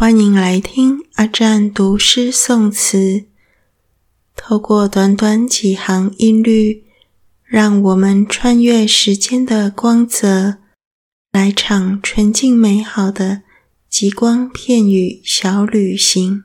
歡迎來聽阿占讀詩誦詞，透過短短幾行音律，讓我們穿越時間的光澤，來場純淨美好的極光片語小旅行。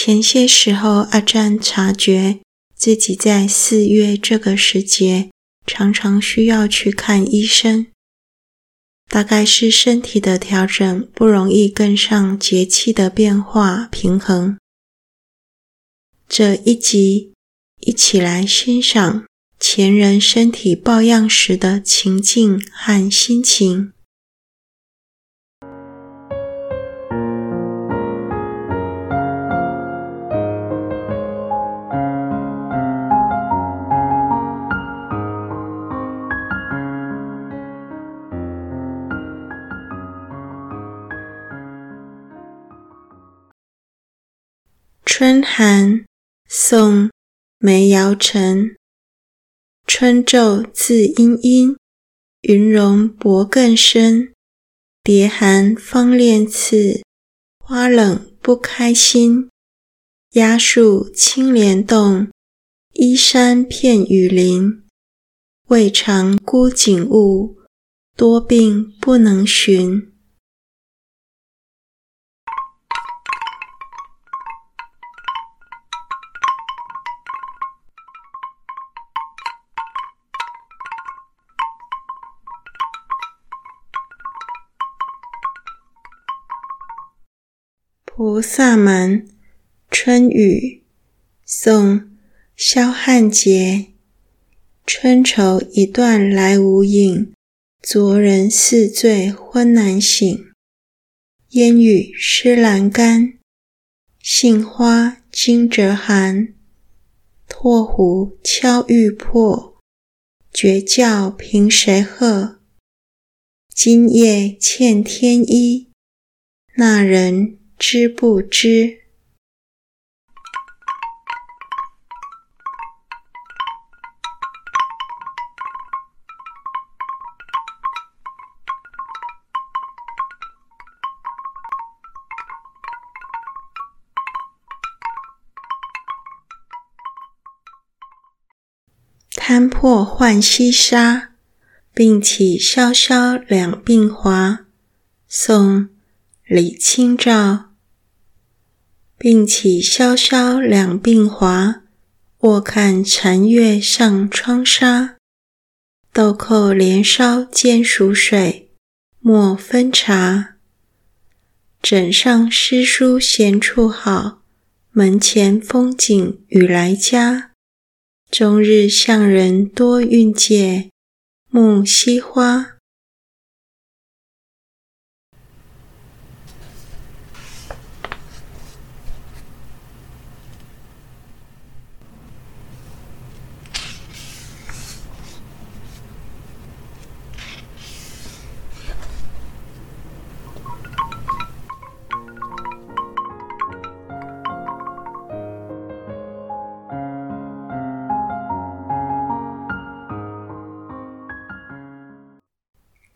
前些時候，阿占察覺自己在四月這個時節，常常需要去看醫生。大概是身體的調整不容易跟上節氣的變化平衡。這一集一起來欣賞前人身體抱恙時的情境和心情。春寒，宋梅堯臣。春晝自陰陰，雲容薄更深。蝶寒方斂翅，花冷不開心。亞樹青簾動，依山片雨臨。未嘗辜景物，多病不能尋。菩薩蠻·春雨，宋·蕭漢傑。春愁一段來無影，着人似醉昏難醒。煙雨濕闌干，杏花驚蟄寒。唾壺敲欲破，絕叫憑誰和？今夜欠添衣，那人，知不知？攤破浣溪沙，病起蕭蕭兩鬢華。宋，李清照。病起蕭蕭兩鬢華，臥看殘月上窗紗。豆蔻連梢煎熟水，莫分茶。枕上詩書閒處好，門前風景雨來佳。終日向人多蘊藉，木犀花。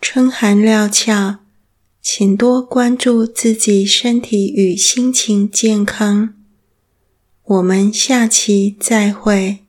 春寒料峭，請多關注自己身體與心情健康。我們下期再會。